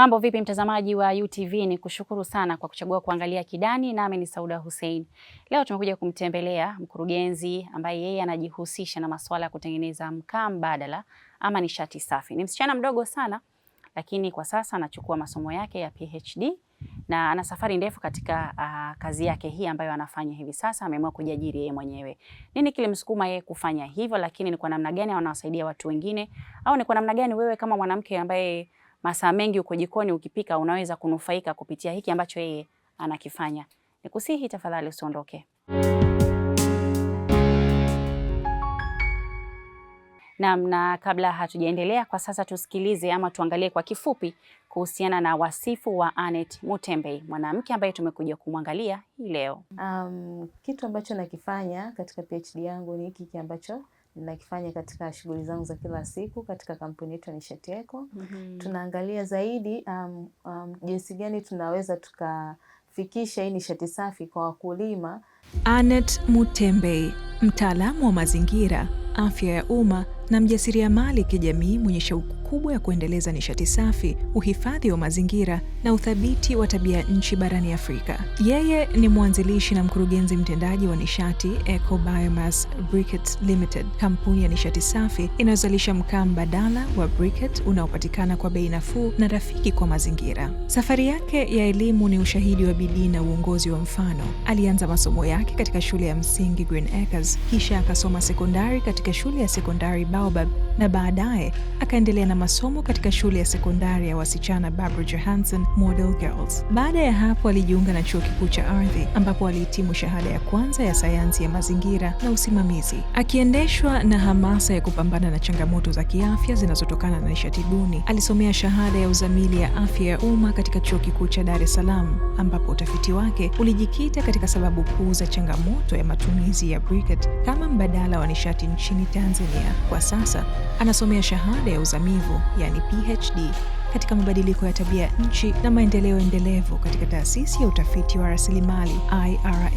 Mambo vipi mtazamaji wa UTV, ni kushukuru sana kwa kuchagua kuangalia Kidani, nami ni Sauda Hussein. Leo tumekuja kumtembelea mkurugenzi ambaye yeye anajihusisha na masuala ya kutengeneza mkaa mbadala ama nishati safi. Ni msichana mdogo sana, lakini kwa sasa anachukua masomo yake ya PhD na ana safari ndefu katika uh, kazi yake hii ambayo anafanya hivi sasa. Ameamua kujiajiri yeye mwenyewe. Nini kilimsukuma yeye kufanya hivyo, lakini ni kwa namna gani anawasaidia watu wengine, au ni kwa namna gani wewe kama mwanamke ambaye masaa mengi uko jikoni ukipika, unaweza kunufaika kupitia hiki ambacho yeye anakifanya. Nikusihi tafadhali usiondoke. Naam, na kabla hatujaendelea kwa sasa, tusikilize ama tuangalie kwa kifupi kuhusiana na wasifu wa Aneth Mutembei, mwanamke ambaye tumekuja kumwangalia hii leo. Um, kitu ambacho nakifanya katika PhD yangu ni hiki ambacho nakifanya katika shughuli zangu za kila siku katika kampuni yetu ya Nishati Eco. mm -hmm. Tunaangalia zaidi um, um, jinsi gani tunaweza tukafikisha hii nishati safi kwa wakulima. Anet mutembei mtaalamu wa mazingira, afya ya umma na mjasiriamali kijamii mwenye shauku kubwa ya kuendeleza nishati safi, uhifadhi wa mazingira na uthabiti wa tabia nchi barani Afrika. Yeye ni mwanzilishi na mkurugenzi mtendaji wa nishati Eco Biomass Briquettes Limited, kampuni ya nishati safi inayozalisha mkaa mbadala wa briquette unaopatikana kwa bei nafuu na rafiki kwa mazingira. Safari yake ya elimu ni ushahidi wa bidii na uongozi wa mfano. Alianza masomo yake katika shule ya msingi Green Acres, kisha akasoma sekondari katika shule ya sekondari Baobab na baadaye akaendelea na masomo katika shule ya sekondari ya wasichana Barbara Johanson Model Girls. Baada ya hapo, alijiunga na chuo kikuu cha Ardhi ambapo alihitimu shahada ya kwanza ya sayansi ya mazingira na usimamizi. Akiendeshwa na hamasa ya kupambana na changamoto za kiafya zinazotokana na nishati duni, alisomea shahada ya uzamili ya afya ya umma katika chuo kikuu cha Dar es Salaam ambapo utafiti wake ulijikita katika sababu kuu za changamoto ya matumizi ya briquette kama mbadala wa nishati nchini Tanzania kwa sasa anasomea shahada ya uzamivu yani PhD katika mabadiliko ya tabia nchi na maendeleo endelevu katika taasisi ya utafiti wa rasilimali IRA.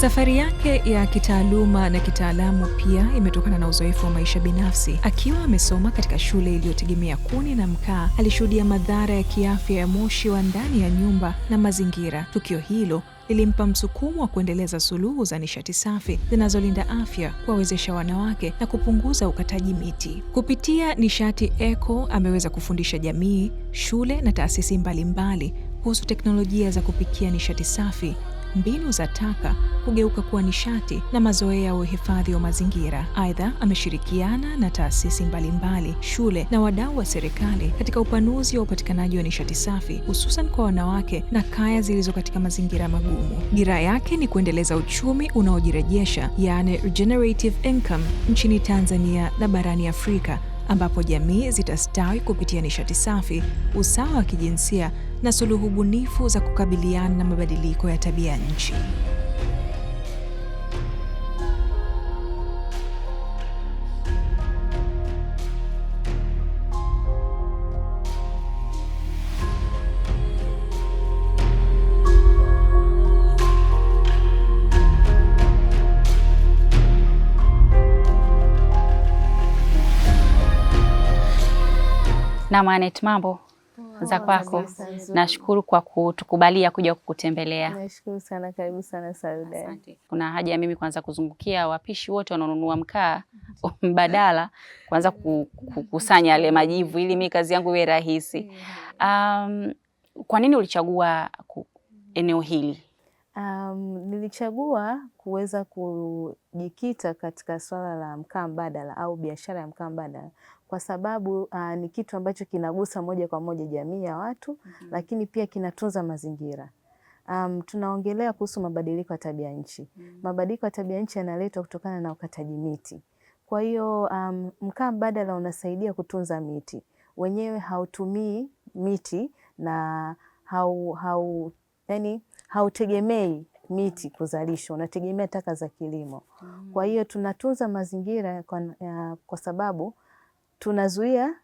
Safari yake ya kitaaluma na kitaalamu pia imetokana na uzoefu wa maisha binafsi. Akiwa amesoma katika shule iliyotegemea kuni na mkaa, alishuhudia madhara ya kiafya ya moshi wa ndani ya nyumba na mazingira. Tukio hilo lilimpa msukumo wa kuendeleza suluhu za nishati safi zinazolinda afya, kuwawezesha wanawake na kupunguza ukataji miti. Kupitia Nishati Eco ameweza kufundisha jamii, shule na taasisi mbalimbali kuhusu teknolojia za kupikia nishati safi mbinu za taka kugeuka kuwa nishati na mazoea ya uhifadhi wa mazingira. Aidha, ameshirikiana na taasisi mbalimbali, shule na wadau wa serikali katika upanuzi wa upatikanaji wa nishati safi, hususan kwa wanawake na kaya zilizo katika mazingira magumu. Dira yake ni kuendeleza uchumi unaojirejesha, yani regenerative income, nchini Tanzania na barani Afrika ambapo jamii zitastawi kupitia nishati safi, usawa wa kijinsia na suluhu bunifu za kukabiliana na mabadiliko ya tabia ya nchi. na Manet, mambo za kwako? Nashukuru kwa kutukubalia kuja kukutembelea. Nashukuru sana, karibu sana Sauda. Asante. Kuna haja ya mimi kwanza kuzungukia wapishi wote wanaonunua mkaa mbadala, kwanza kukusanya yale majivu ili mimi kazi yangu iwe rahisi. Mm. Um, kwa nini ulichagua eneo hili? Um, nilichagua kuweza kujikita katika swala la mkaa mbadala au biashara ya mkaa mbadala kwa sababu uh, ni kitu ambacho kinagusa moja kwa moja jamii ya watu mm -hmm. Lakini pia kinatunza mazingira. Um, tunaongelea kuhusu mabadiliko ya tabia nchi mm -hmm. Mabadiliko ya tabia nchi yanaletwa kutokana na ukataji miti. Kwa hiyo um, mkaa mbadala unasaidia kutunza miti, wenyewe hautumii miti na hau, hau, yani, hautegemei miti kuzalishwa, unategemea taka za kilimo. Mm. Kwa hiyo tunatunza mazingira kwa, uh, kwa sababu tunazuia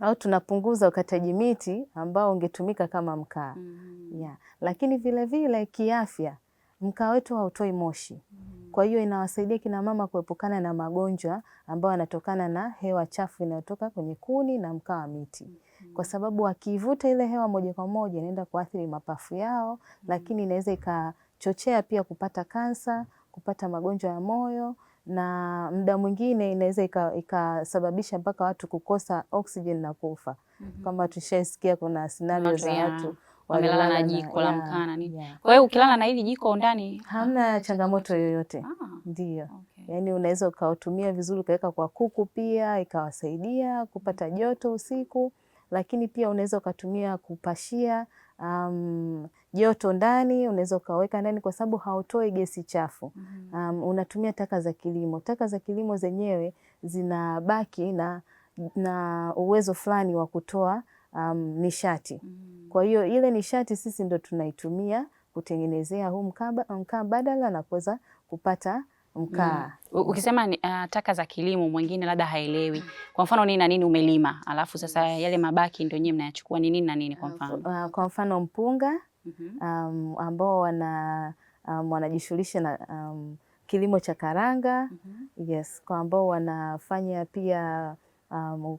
au tunapunguza ukataji miti ambao ungetumika kama mkaa mm yeah. Lakini vilevile vile kiafya mkaa wetu hautoi moshi mm Kwa hiyo inawasaidia kina mama kuepukana na magonjwa ambayo yanatokana na hewa chafu inayotoka kwenye kuni na mkaa wa miti mm Kwa sababu wakiivuta ile hewa moja kwa moja inaenda kuathiri mapafu yao mm Lakini inaweza ikachochea pia kupata kansa, kupata magonjwa ya moyo na muda mwingine inaweza ikasababisha mpaka watu kukosa oksijeni na kufa. mm -hmm. Kama tushasikia kuna scenario za watu wamelala na jiko la mkana nini. Kwa hiyo ukilala na hili jiko ndani hamna ah. changamoto yoyote. Ah, ndio. Okay. Yani unaweza ukautumia vizuri ukaweka kwa kuku pia ikawasaidia kupata mhm. joto usiku, lakini pia unaweza ukatumia kupashia um, joto ndani, unaweza ukaweka ndani kwa sababu hautoi gesi chafu mm-hmm. um, unatumia taka za kilimo. Taka za kilimo zenyewe zinabaki na, na uwezo fulani wa kutoa um, nishati mm-hmm. kwa hiyo ile nishati sisi ndo tunaitumia kutengenezea huu mkaa mkaa mbadala na kuweza kupata mkaa. Mm. Ukisema uh, taka za kilimo mwingine labda haelewi. Kwa mfano nini na nini umelima, alafu sasa yale mabaki ndio nyewe mnayachukua ni nini na nini kwa ah, mfano? Uh, kwa mfano mpunga mm-hmm. um, ambao wana um, wanajishughulisha na um, kilimo cha karanga. Mm -hmm. Yes, kwa ambao wanafanya pia um,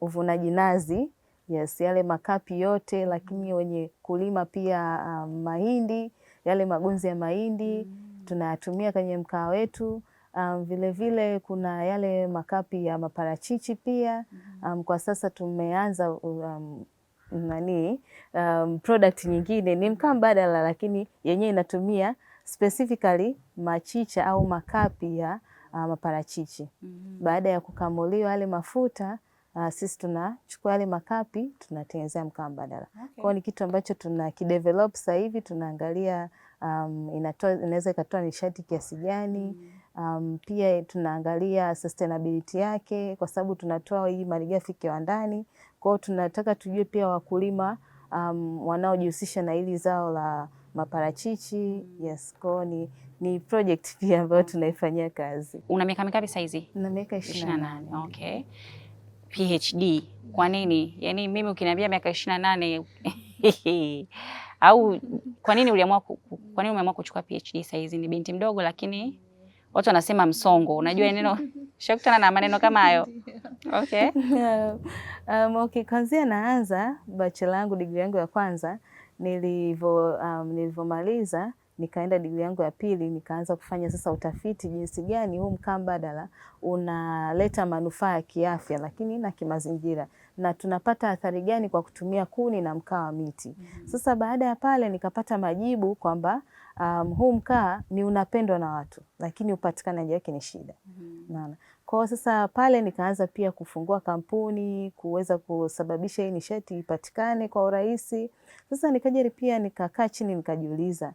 uvunaji nazi. Yes, yale makapi yote, lakini mm-hmm. wenye kulima pia um, mahindi, yale magunzi ya mahindi. Mm -hmm tunayatumia kwenye mkaa wetu. Um, vile vile kuna yale makapi ya maparachichi pia. Mm-hmm. Um, kwa sasa tumeanza um, nani um, product nyingine ni mkaa mbadala, lakini yenyewe inatumia specifically machicha au makapi ya uh, maparachichi. Mm -hmm. Baada ya kukamuliwa yale mafuta uh, sisi tunachukua yale makapi tunatengenezea mkaa mbadala. Okay. Kwao ni kitu ambacho tunakidevelop sasa hivi tunaangalia um, inatoa inaweza ikatoa nishati kiasi gani mm-hmm. um, pia tunaangalia sustainability yake, kwa sababu tunatoa hii malighafi kiwandani. ndani hiyo tunataka tujue pia wakulima um, wanaojihusisha na hili zao la maparachichi mm-hmm. yes, kwao ni, ni project pia ambayo mm-hmm. tunaifanyia kazi. Una miaka mingapi sasa hizi? Na miaka 28. Okay. PhD kwa nini? Yani mimi ukiniambia miaka au kwa nini uliamua, kwa nini umeamua kuchukua PhD saizi Ni binti mdogo, lakini mm-hmm. watu wanasema msongo, unajua neno shakutana na maneno kama hayo okay. Um, okay, kwanzia naanza bachelor yangu, degree yangu ya kwanza nilivyo, um, nilivyomaliza nikaenda digrii yangu ya pili, nikaanza kufanya sasa utafiti jinsi gani huu mkaa mbadala unaleta manufaa ya kiafya, lakini na kimazingira na tunapata athari gani kwa kutumia kuni na mkaa wa miti. mm -hmm. Sasa baada ya pale nikapata majibu kwamba um, huu mkaa ni unapendwa na watu, lakini upatikanaji wake ni shida. mm -hmm. Kwa sasa pale nikaanza pia kufungua kampuni kuweza kusababisha hii nishati ipatikane kwa urahisi. Sasa nikaja pia nikakaa chini nikajiuliza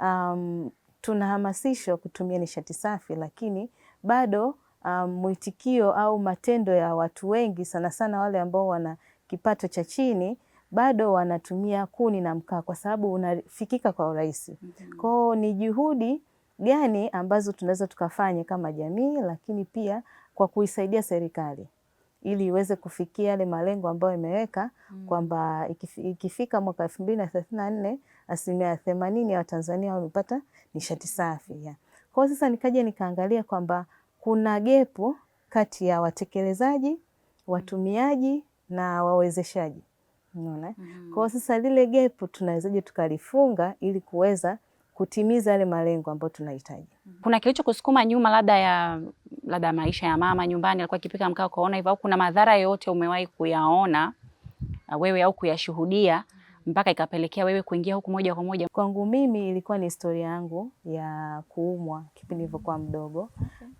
um, tunahamasishwa kutumia nishati safi, lakini bado um, mwitikio au matendo ya watu wengi sana sana wale ambao wana kipato cha chini bado wanatumia kuni na mkaa kwa sababu unafikika kwa urahisi. mm -hmm. Kwao ni juhudi gani ambazo tunaweza tukafanya kama jamii, lakini pia kwa kuisaidia serikali ili iweze kufikia yale malengo ambayo imeweka, mm -hmm. kwamba ikifika mwaka elfu mbili na thelathini na nne asilimia themanini ya Watanzania wamepata nishati safi ya. Kwa sasa nikaja nikaangalia kwamba kuna gepu kati ya watekelezaji, watumiaji na wawezeshaji. Unaona? Mm. Kwa sasa lile gepu tunawezaje tukalifunga ili kuweza kutimiza yale malengo ambayo tunahitaji. Mm-hmm. Kuna kilicho kusukuma nyuma, labda ya labda maisha ya mama nyumbani, alikuwa akipika mkao kaona hivyo, au kuna madhara yoyote umewahi kuyaona uh, wewe au kuyashuhudia mpaka ikapelekea wewe kuingia huku moja kwa moja? Kwangu mimi ilikuwa ni historia yangu ya kuumwa kipindi nilivyokuwa mdogo.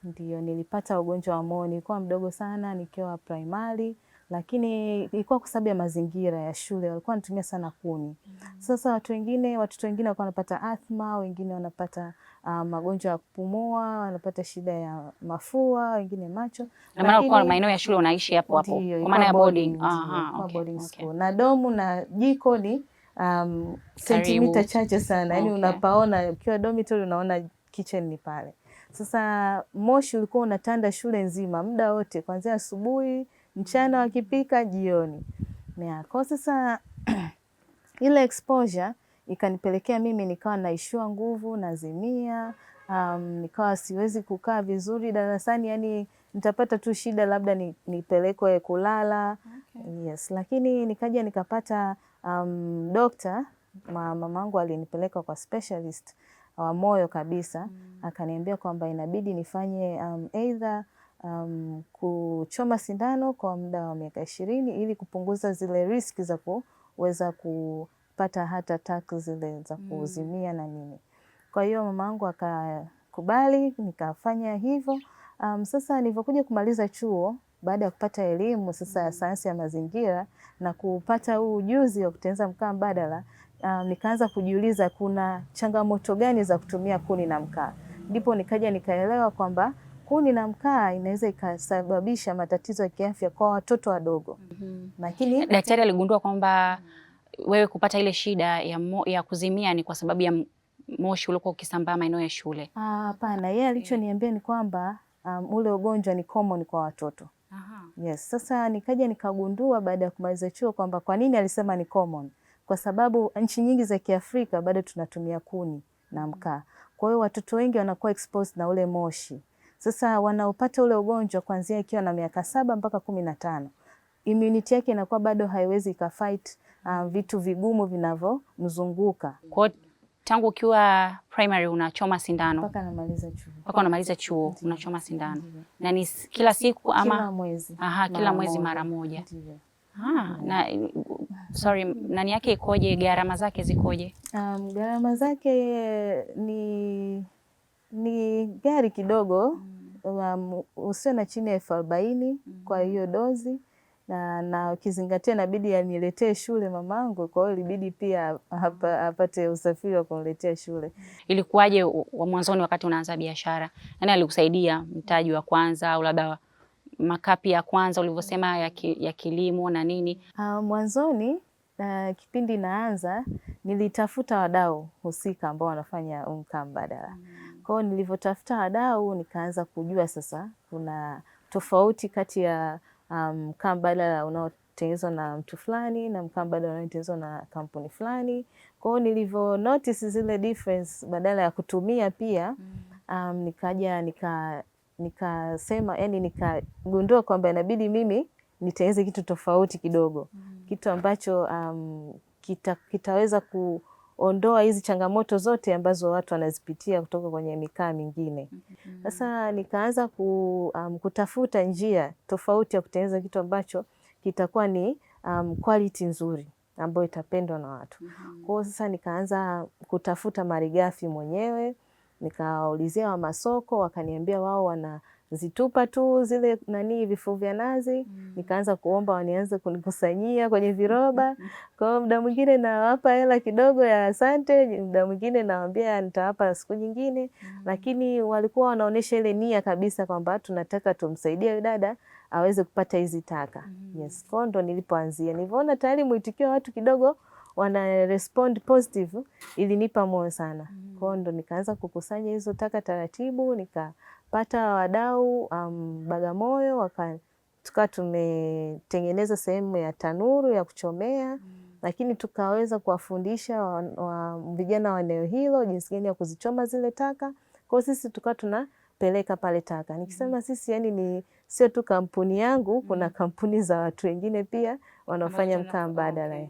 Ndio nilipata ugonjwa wa moyo, nilikuwa mdogo sana nikiwa primary lakini ilikuwa kwa sababu ya mazingira ya shule, walikuwa wanatumia sana kuni. Mm-hmm. Sasa watu wengine, watoto wengine walikuwa wanapata athma, wengine wanapata uh, magonjwa ya kupumua, wanapata shida ya mafua, wengine macho. Na maana kwa maeneo ya shule unaishi hapo hapo, kwa maana ya boarding, aha, okay, boarding school. Na domu na jiko ni um, sentimita chache sana yaani okay. Yani Unapaona ukiwa dormitory unaona kitchen ni pale. Sasa moshi ulikuwa unatanda shule nzima muda wote kuanzia asubuhi mchana wakipika, jioni. Na kwa sasa ile exposure ikanipelekea mimi nikawa naishiwa nguvu, nazimia, um, nikawa siwezi kukaa vizuri darasani, yani nitapata tu shida labda ni, nipelekwe kulala okay. Yes, lakini nikaja nikapata um, dokta mamangu alinipeleka kwa specialist wa moyo kabisa mm. Akaniambia kwamba inabidi nifanye um, either um, kuchoma sindano kwa muda wa miaka ishirini ili kupunguza zile riski za kuweza kupata hata taki zile za mm. kuzimia na nini. Kwa hiyo mamangu akakubali, nikafanya hivyo. Um, sasa nilivyokuja kumaliza chuo baada ya kupata elimu sasa ya mm. sayansi ya mazingira na kupata huu ujuzi wa kutengeneza mkaa mbadala, um, nikaanza kujiuliza kuna changamoto gani za kutumia kuni na mkaa. Ndipo nikaja nikaelewa kwamba kuni na mkaa inaweza ikasababisha matatizo ya kiafya kwa watoto wadogo. Mm-hmm. Lakini mm -hmm. daktari aligundua kwamba wewe kupata ile shida ya, mo, ya kuzimia ni kwa sababu ya moshi uliokuwa ukisambaa maeneo ya shule? Ah, hapana, yeye alichoniambia ni kwamba um, ule ugonjwa ni common kwa watoto. Aha. Yes, sasa nikaja nikagundua baada ya kumaliza chuo kwamba kwa nini alisema ni common, kwa sababu nchi nyingi za Kiafrika bado tunatumia kuni na mkaa, kwa hiyo watoto wengi wanakuwa exposed na ule moshi sasa wanaopata ule ugonjwa kuanzia ikiwa na miaka saba mpaka kumi na tano immunity yake inakuwa bado haiwezi ikafight uh, vitu vigumu vinavyomzunguka. Kwa tangu ukiwa primary unachoma sindano mpaka unamaliza chuo, mpaka unamaliza chuo unachoma sindano Ndiyo. na ni kila siku ama kila mwezi? Aha, kila mwezi mara moja. Ah, na sorry, nani yake ikoje? Gharama zake zikoje? Um, gharama zake ni ni gari kidogo mm. usio na chini ya elfu arobaini mm. kwa hiyo dozi na na ukizingatia inabidi aniletee shule mamangu, kwa hiyo ilibidi pia hapa mm. apate usafiri wa kumletea shule. Ilikuwaje wa mwanzoni wakati unaanza biashara, nani alikusaidia mtaji wa kwanza au labda makapi ya kwanza ulivyosema ya, ki, ya kilimo na nini? Uh, mwanzoni uh, kipindi naanza nilitafuta wadau husika ambao wanafanya unga mbadala mm kwao nilivyotafuta wadau nikaanza kujua sasa kuna tofauti kati ya mkaa um, mbadala unaotengenezwa na mtu fulani na mkaa mbadala unaotengenezwa na kampuni fulani. kwao nilivyo notice zile difference badala ya kutumia pia mm. um, nikaja nika nikasema yani nikagundua kwamba inabidi mimi nitengeneze kitu tofauti kidogo, mm. kitu ambacho um, kita, kitaweza ku ondoa hizi changamoto zote ambazo watu wanazipitia kutoka kwenye mikaa mingine. Mm-hmm. Sasa nikaanza ku, um, kutafuta njia tofauti ya kutengeneza kitu ambacho kitakuwa ni um, quality nzuri ambayo itapendwa na watu. Mm-hmm. Kwa hiyo sasa nikaanza kutafuta malighafi mwenyewe, nikawaulizia wa masoko, wakaniambia wao wana zitupa tu zile nani vifuu vya nazi mm. Nikaanza kuomba wanianze kunikusanyia kwenye viroba. Kwa hiyo muda mwingine nawapa hela kidogo ya asante, muda mwingine nawaambia nitawapa siku nyingine mm. Lakini walikuwa wanaonyesha ile nia kabisa kwamba tunataka tumsaidie huyu dada aweze kupata hizi taka mm. Yes, kwao ndo nilipoanzia, nilivyoona tayari mwitikio wa watu kidogo wana respond positive, ilinipa moyo sana mm. Kwao ndo nikaanza kukusanya hizo taka taratibu, nika pata wadau um, Bagamoyo waka tuka tumetengeneza sehemu ya tanuru ya kuchomea mm. Lakini tukaweza kuwafundisha vijana wa eneo hilo jinsi gani ya kuzichoma zile taka. Kwa hiyo sisi tukawa tunapeleka pale taka. Nikisema mm. sisi yani ni sio tu kampuni yangu, mm. kuna kampuni za watu wengine pia wanaofanya mkaa mbadala.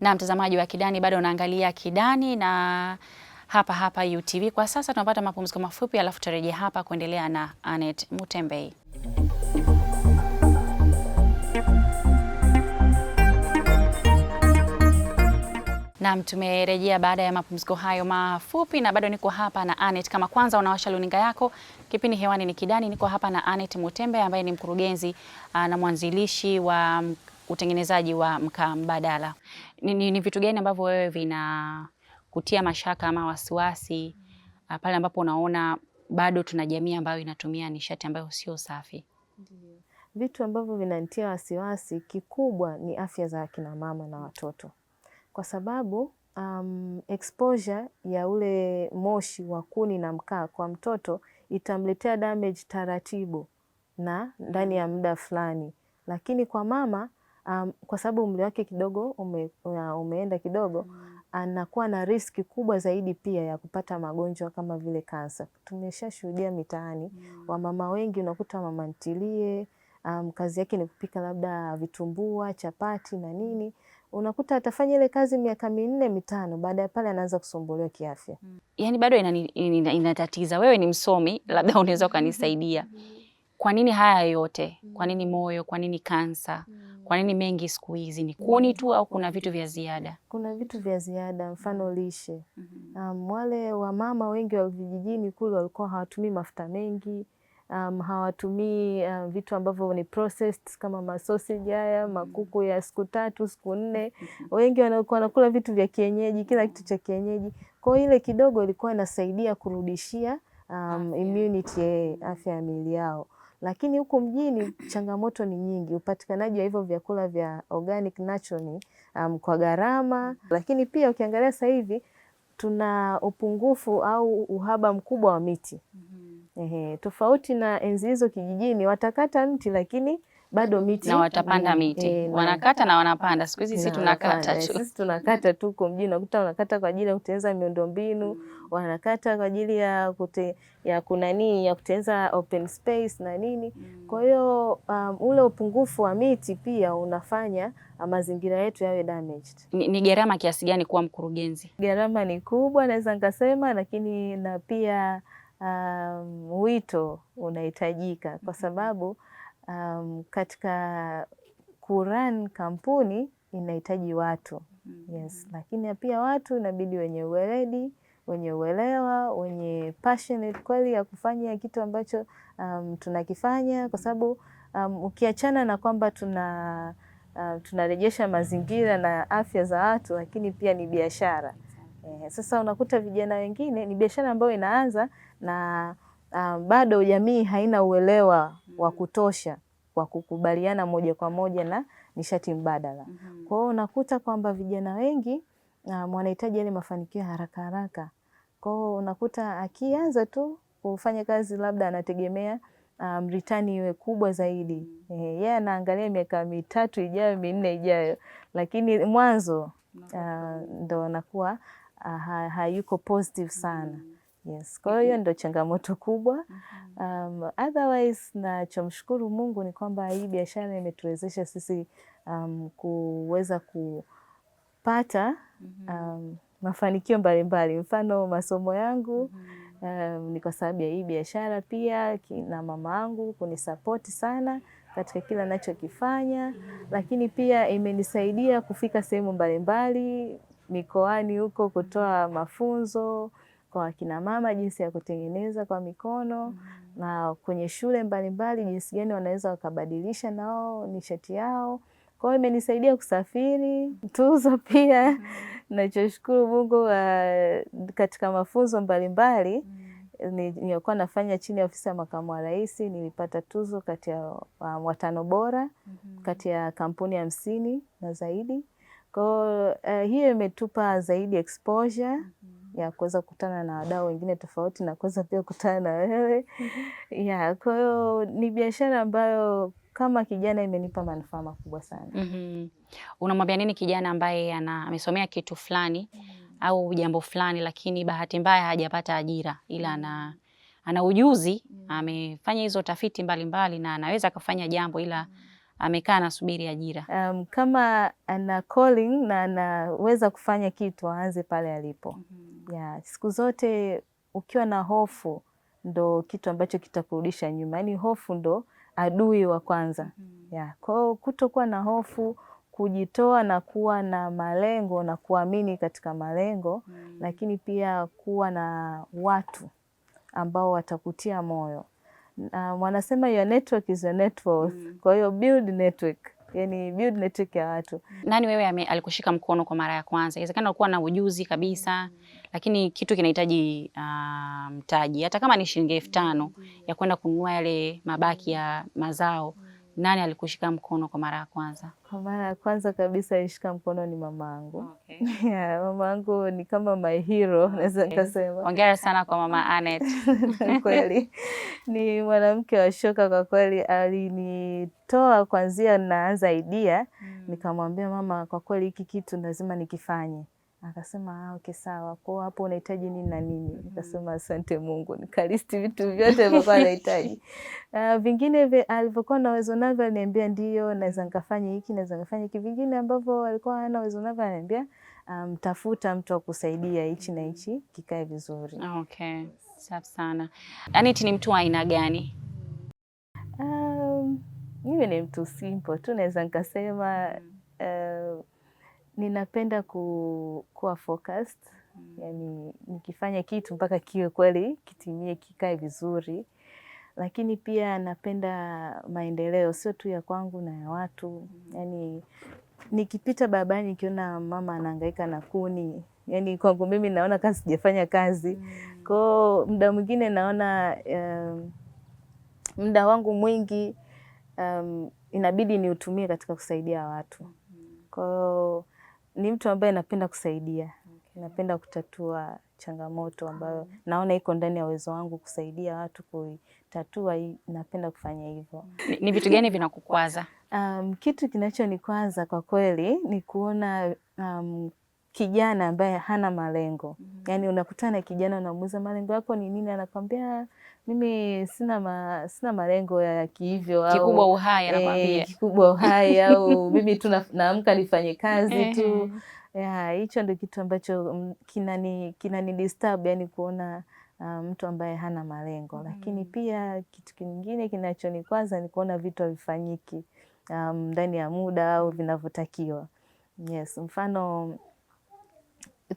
Na mtazamaji wa Kidani, bado unaangalia Kidani na hapa hapa UTV. Kwa sasa tunapata mapumziko mafupi, alafu tutarejea hapa kuendelea na Anet Mutembei. Naam, tumerejea baada ya mapumziko hayo mafupi na bado niko hapa na Anet. Kama kwanza unawasha luninga yako, kipindi hewani ni Kidani, niko hapa na Anet Mutembe ambaye ni mkurugenzi ah, na mwanzilishi wa utengenezaji wa mkaa mbadala. Ni, ni, ni vitu gani ambavyo wewe vina kutia mashaka ama wasiwasi mm. pale ambapo unaona bado tuna jamii ambayo inatumia nishati ambayo sio safi. Ndiyo. Vitu ambavyo vinanitia wasiwasi kikubwa ni afya za akina mama na watoto, kwa sababu um, exposure ya ule moshi wa kuni na mkaa kwa mtoto itamletea damage taratibu na ndani ya muda fulani, lakini kwa mama um, kwa sababu umri wake kidogo ume, umeenda kidogo mm anakuwa na riski kubwa zaidi pia ya kupata magonjwa kama vile kansa. Tumeshashuhudia mitaani mm. wamama wengi unakuta mama ntilie um, kazi yake ni kupika labda vitumbua, chapati na nini, unakuta atafanya ile kazi miaka minne mitano, baada ya pale anaanza kusumbuliwa kiafya mm. Yani bado inatatiza. Wewe ni msomi, labda unaweza ukanisaidia, kwa nini haya yote? Kwa mm. nini moyo? Kwa nini kansa? mm. Kwa nini mengi siku hizi ni kuni tu au kuna vitu vya ziada? Kuna vitu vya ziada, mfano lishe. mm -hmm. Um, wale wamama wengi wa vijijini kule walikuwa hawatumii mafuta mengi um, hawatumii um, vitu ambavyo ni processed kama masoseji haya mhm. makuku ya siku tatu siku nne. Mhm. Wengi wanakuwa wanakula vitu vya kienyeji, kila kitu cha kienyeji. Kwa hiyo ile kidogo ilikuwa inasaidia kurudishia um, immunity, afya ya miili yao. Lakini huku mjini changamoto ni nyingi, upatikanaji wa hivyo vyakula vya organic natural ni um, kwa gharama. Lakini pia ukiangalia sasa hivi tuna upungufu au uhaba mkubwa wa miti. Mm-hmm. Ehe, tofauti na enzi hizo kijijini watakata mti lakini bado miti na watapanda miti e, wanakata na wanapanda. Siku hizi sisi tunakata tu, sisi tunakata tu huko mjini, unakuta wanakata kwa ajili ya kutengeneza miundombinu, wanakata kwa ajili ya kute, ya kuna nini ya kutengeneza open space na nini. Mm. Kwa hiyo um, ule upungufu wa miti pia unafanya uh, mazingira yetu yawe damaged. Ni, ni gharama kiasi gani kuwa mkurugenzi? Gharama ni kubwa naweza nikasema, lakini na pia um, wito unahitajika kwa mm-hmm. sababu um, katika kuran kampuni inahitaji watu mm Yes, lakini pia watu inabidi wenye uweledi, wenye uelewa, wenye passionate kweli ya kufanya kitu ambacho um, tunakifanya kwa sababu um, ukiachana na kwamba tuna uh, tunarejesha mazingira na afya za watu, lakini pia ni biashara eh. Sasa unakuta vijana wengine ni biashara ambayo inaanza na um, bado jamii haina uelewa wa mm-hmm. kutosha kwa kukubaliana moja kwa moja na nishati mbadala. mm -hmm. Kwa hiyo unakuta kwamba vijana wengi ah, wanahitaji yale mafanikio haraka haraka. Kwa hiyo unakuta akianza tu kufanya kazi labda anategemea um, iwe kubwa zaidi. mm -hmm. Yeye anaangalia miaka mitatu ijayo minne ijayo, lakini mwanzo -hmm. uh, ndo anakuwa uh, hayuko positive sana. mm -hmm. Yes, kwa hiyo mm-hmm. ndo changamoto kubwa. Mm-hmm. Um, otherwise nachomshukuru Mungu ni kwamba hii biashara imetuwezesha sisi um, kuweza kupata mm-hmm. um, mafanikio mbalimbali, mfano masomo yangu um, ni kwa sababu ya hii biashara pia, na mama yangu kunisapoti sana katika kila nachokifanya, lakini pia imenisaidia kufika sehemu mbalimbali mikoani huko kutoa mafunzo kwa akina mama, jinsi ya kutengeneza kwa mikono mm na kwenye shule mbalimbali, jinsi gani wanaweza wakabadilisha nao nishati yao. Kwa hiyo imenisaidia kusafiri, tuzo pia mm nachoshukuru Mungu uh, katika mafunzo mbalimbali mm -hmm nilikuwa nafanya chini ya ofisi ya makamu wa rais, nilipata tuzo kati ya um, watano bora mm -hmm. kati ya kampuni hamsini na zaidi. Kwa hiyo uh, eh, hiyo imetupa zaidi exposure mm ya kuweza kukutana na wadau wengine tofauti na kuweza pia kukutana na wewe ya. Kwa hiyo ni biashara ambayo kama kijana imenipa manufaa makubwa sana. mm -hmm. Unamwambia nini kijana ambaye ana amesomea kitu fulani mm -hmm. au jambo fulani, lakini bahati mbaya hajapata ajira, ila ana ana ujuzi mm -hmm. amefanya hizo tafiti mbalimbali mbali, na anaweza akafanya jambo ila mm -hmm amekaa anasubiri ajira. Um, kama ana calling na anaweza kufanya kitu aanze pale alipo. mm -hmm. Yeah, siku zote ukiwa na hofu ndo kitu ambacho kitakurudisha nyuma, yaani hofu ndo adui wa kwanza. mm -hmm. Yeah, kwao kutokuwa na hofu, kujitoa na kuwa na malengo na kuamini katika malengo. mm -hmm. Lakini pia kuwa na watu ambao watakutia moyo na wanasema your network is your net worth. Mm. Kwa hiyo build network, yani build network ya watu. Nani wewe alikushika mkono kwa mara ya kwanza? Inawezekana ulikuwa na ujuzi kabisa, lakini kitu kinahitaji ah, mtaji, hata kama ni shilingi elfu tano ya kwenda kununua yale mabaki ya mazao. Nani alikushika mkono kwa mara ya kwanza? Kwa mara ya kwanza kabisa alishika mkono ni mama Okay. Yeah, angu ni kama my hero, naweza nikasema. Hongera sana kwa mama Anet. Kweli ni mwanamke wa shoka kwa kweli, alinitoa kwanzia naanza idea mm. Nikamwambia mama, kwa kweli hiki kitu lazima nikifanye Akasema ah, okay sawa, kwa hapo unahitaji nini na nini? Mm-hmm. Nikasema asante Mungu, nikalisti vitu vyote vilivyokuwa anahitaji. Uh, ah, vingine alivyokuwa na uwezo navyo aliniambia ndio naweza nikafanya hiki, naweza nikafanya hiki. Vingine ambavyo alikuwa hana uwezo navyo ananiambia ah, mtafuta um, mtu wa kusaidia hichi na hichi mm-hmm. kikae vizuri. Okay, safi sana. Aniti ni mtu wa aina gani? Um, mimi ni mtu simple tu naweza nikasema uh, Ninapenda ku, kuwa focused mm. Yani nikifanya kitu mpaka kiwe kweli kitimie, kikae vizuri, lakini pia napenda maendeleo, sio tu ya kwangu na ya watu mm. Yani nikipita barabarani nikiona mama anahangaika na kuni, yani kwangu mimi naona kama sijafanya kazi mm. Kwao muda mwingine naona um, muda wangu mwingi um, inabidi niutumie katika kusaidia watu mm. Kwao ni mtu ambaye napenda kusaidia okay. Napenda kutatua changamoto ambayo mm. naona iko ndani ya uwezo wangu kusaidia watu kuitatua, napenda kufanya hivyo. Ni, vitu gani vinakukwaza? Um, kitu kinachonikwaza kwa kweli ni kuona um, kijana ambaye hana malengo mm -hmm. unakutana kijana unamuuza malengo yako ni nini, anakwambia mimi sina ma, sina malengo ya kihivyo kikubwa uhai anakwambia eh, kikubwa uhai au mimi tu naamka nifanye kazi tu eh. hicho ndio kitu ambacho mm, kinani kinani disturb yani kuona uh, mtu ambaye hana malengo mm. Lakini pia kitu kingine kinachonikwaza ni kuona vitu havifanyiki um, ndani um, ya muda au vinavyotakiwa. Yes, mfano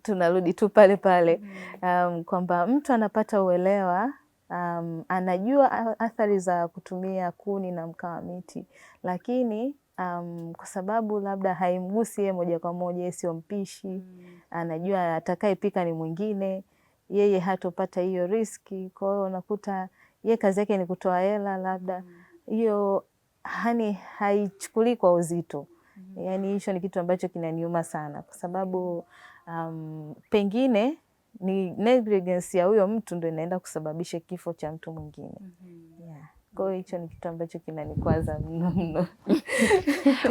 tunarudi tu pale pale mm-hmm. um, kwamba mtu anapata uelewa um, anajua athari za kutumia kuni na mkaa wa miti, lakini um, kwa sababu labda haimgusi yeye moja kwa moja, yeye sio mpishi mm. anajua atakayepika ni mwingine, yeye hatopata hiyo riski. Kwa hiyo unakuta ye kazi yake ni kutoa hela labda mm. hiyo mm. hani haichukulii kwa uzito mm. Yani hicho ni kitu ambacho kinaniuma sana kwa sababu um, pengine ni negligence ya huyo mtu ndo inaenda kusababisha kifo cha mtu mwingine. mm -hmm. yeah. Kwa hiyo hicho ni kitu ambacho kinanikwaza mno mno.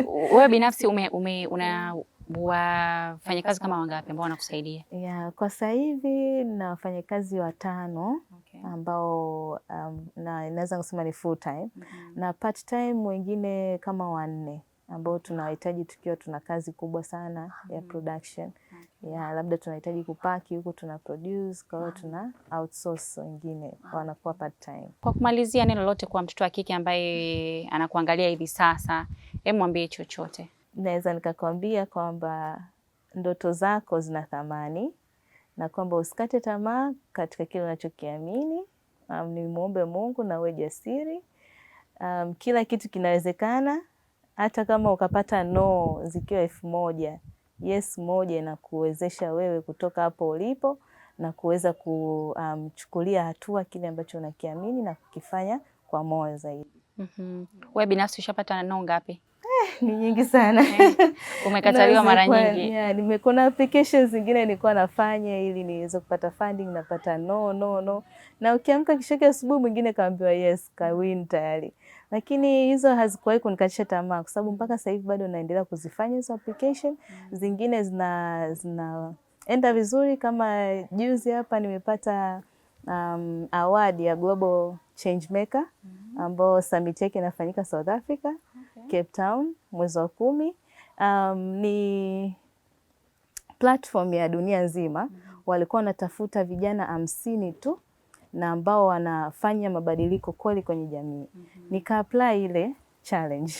Wewe binafsi ume, ume, una wafanyakazi kama wangapi ambao wanakusaidia? Yeah, kwa sasa hivi na wafanyakazi watano okay. ambao um, na naweza kusema ni full time mm -hmm. na part time wengine kama wanne ambao tunawahitaji tukiwa tuna kazi kubwa sana mm -hmm. ya mhm. production ya labda tunahitaji kupaki huko tuna produce, kwa hiyo ah. tuna outsource wengine ah. wanakuwa part time. Kwa kumalizia, neno lolote kwa mtoto wa kike ambaye anakuangalia hivi sasa, hebu mwambie chochote. Naweza nikakwambia kwamba ndoto zako zina thamani na kwamba usikate tamaa katika kile unachokiamini. Um, muombe Mungu na uwe jasiri. Um, kila kitu kinawezekana, hata kama ukapata no zikiwa elfu moja yes moja na kuwezesha wewe kutoka hapo ulipo na kuweza kuchukulia um, hatua kile ambacho unakiamini na kukifanya kwa moyo zaidi. mm -hmm. Wewe binafsi ushapata noo ngapi? Eh, ni nyingi sana. Eh, umekataliwa mara nyingi? Nimekuwa na applications zingine nilikuwa nafanya ili niweze kupata funding, napata no no no, na ukiamka kishake asubuhi mwingine kaambiwa yes, kawin tayari lakini hizo hazikuwahi kunikatisha tamaa, kwa sababu mpaka sasa hivi bado naendelea kuzifanya hizo application. Mm. Zingine zina zinaenda vizuri, kama juzi hapa nimepata um, award ya Global Change Maker mm. ambao summit yake inafanyika South Africa, okay. Cape Town mwezi wa kumi. Um, ni platform ya dunia nzima, mm. walikuwa wanatafuta vijana hamsini tu na ambao wanafanya mabadiliko kweli kwenye jamii. mm -hmm. Nika apply ile challenge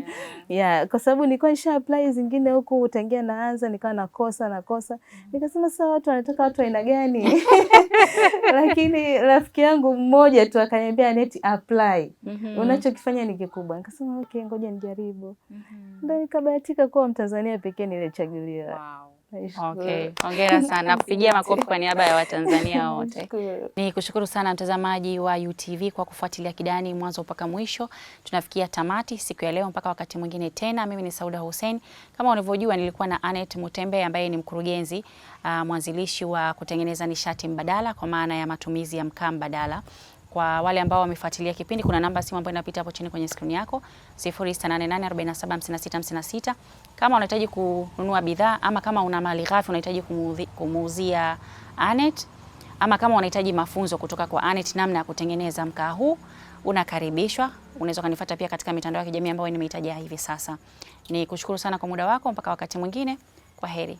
yeah. kwa sababu nilikuwa nisha apply zingine huku utaingia naanza, nikawa nakosa nakosa, mhm. nikasema sasa watu wanataka watu aina gani? Lakini rafiki yangu mmoja tu akaniambia, Aneth apply, mm -hmm. unachokifanya ni kikubwa. Nikasema okay, ngoja nijaribu. mm -hmm. Ndio nikabahatika kuwa Mtanzania pekee nilichaguliwa. wow. Okay. Hongera sana, nakupigia makofi kwa niaba ya Watanzania wote. Ni kushukuru sana mtazamaji wa UTV kwa kufuatilia Kidani mwanzo mpaka mwisho. Tunafikia tamati siku ya leo, mpaka wakati mwingine tena. Mimi ni Sauda Hussein, kama unavyojua nilikuwa na Anet Mutembe ambaye ni mkurugenzi uh, mwanzilishi wa kutengeneza nishati mbadala kwa maana ya matumizi ya mkaa mbadala kwa wale ambao wamefuatilia kipindi, kuna namba simu ambayo inapita hapo chini kwenye skrini yako 0688475656. Kama unahitaji kununua bidhaa ama kama una mali ghafi unahitaji kumuuzia Anet ama kama unahitaji mafunzo kutoka kwa Anet namna ya kutengeneza mkaa huu unakaribishwa. Unaweza kunifuata pia katika mitandao ya kijamii ambayo nimehitaji hivi sasa. Ni kushukuru sana kwa muda wako, mpaka wakati mwingine, kwa heri.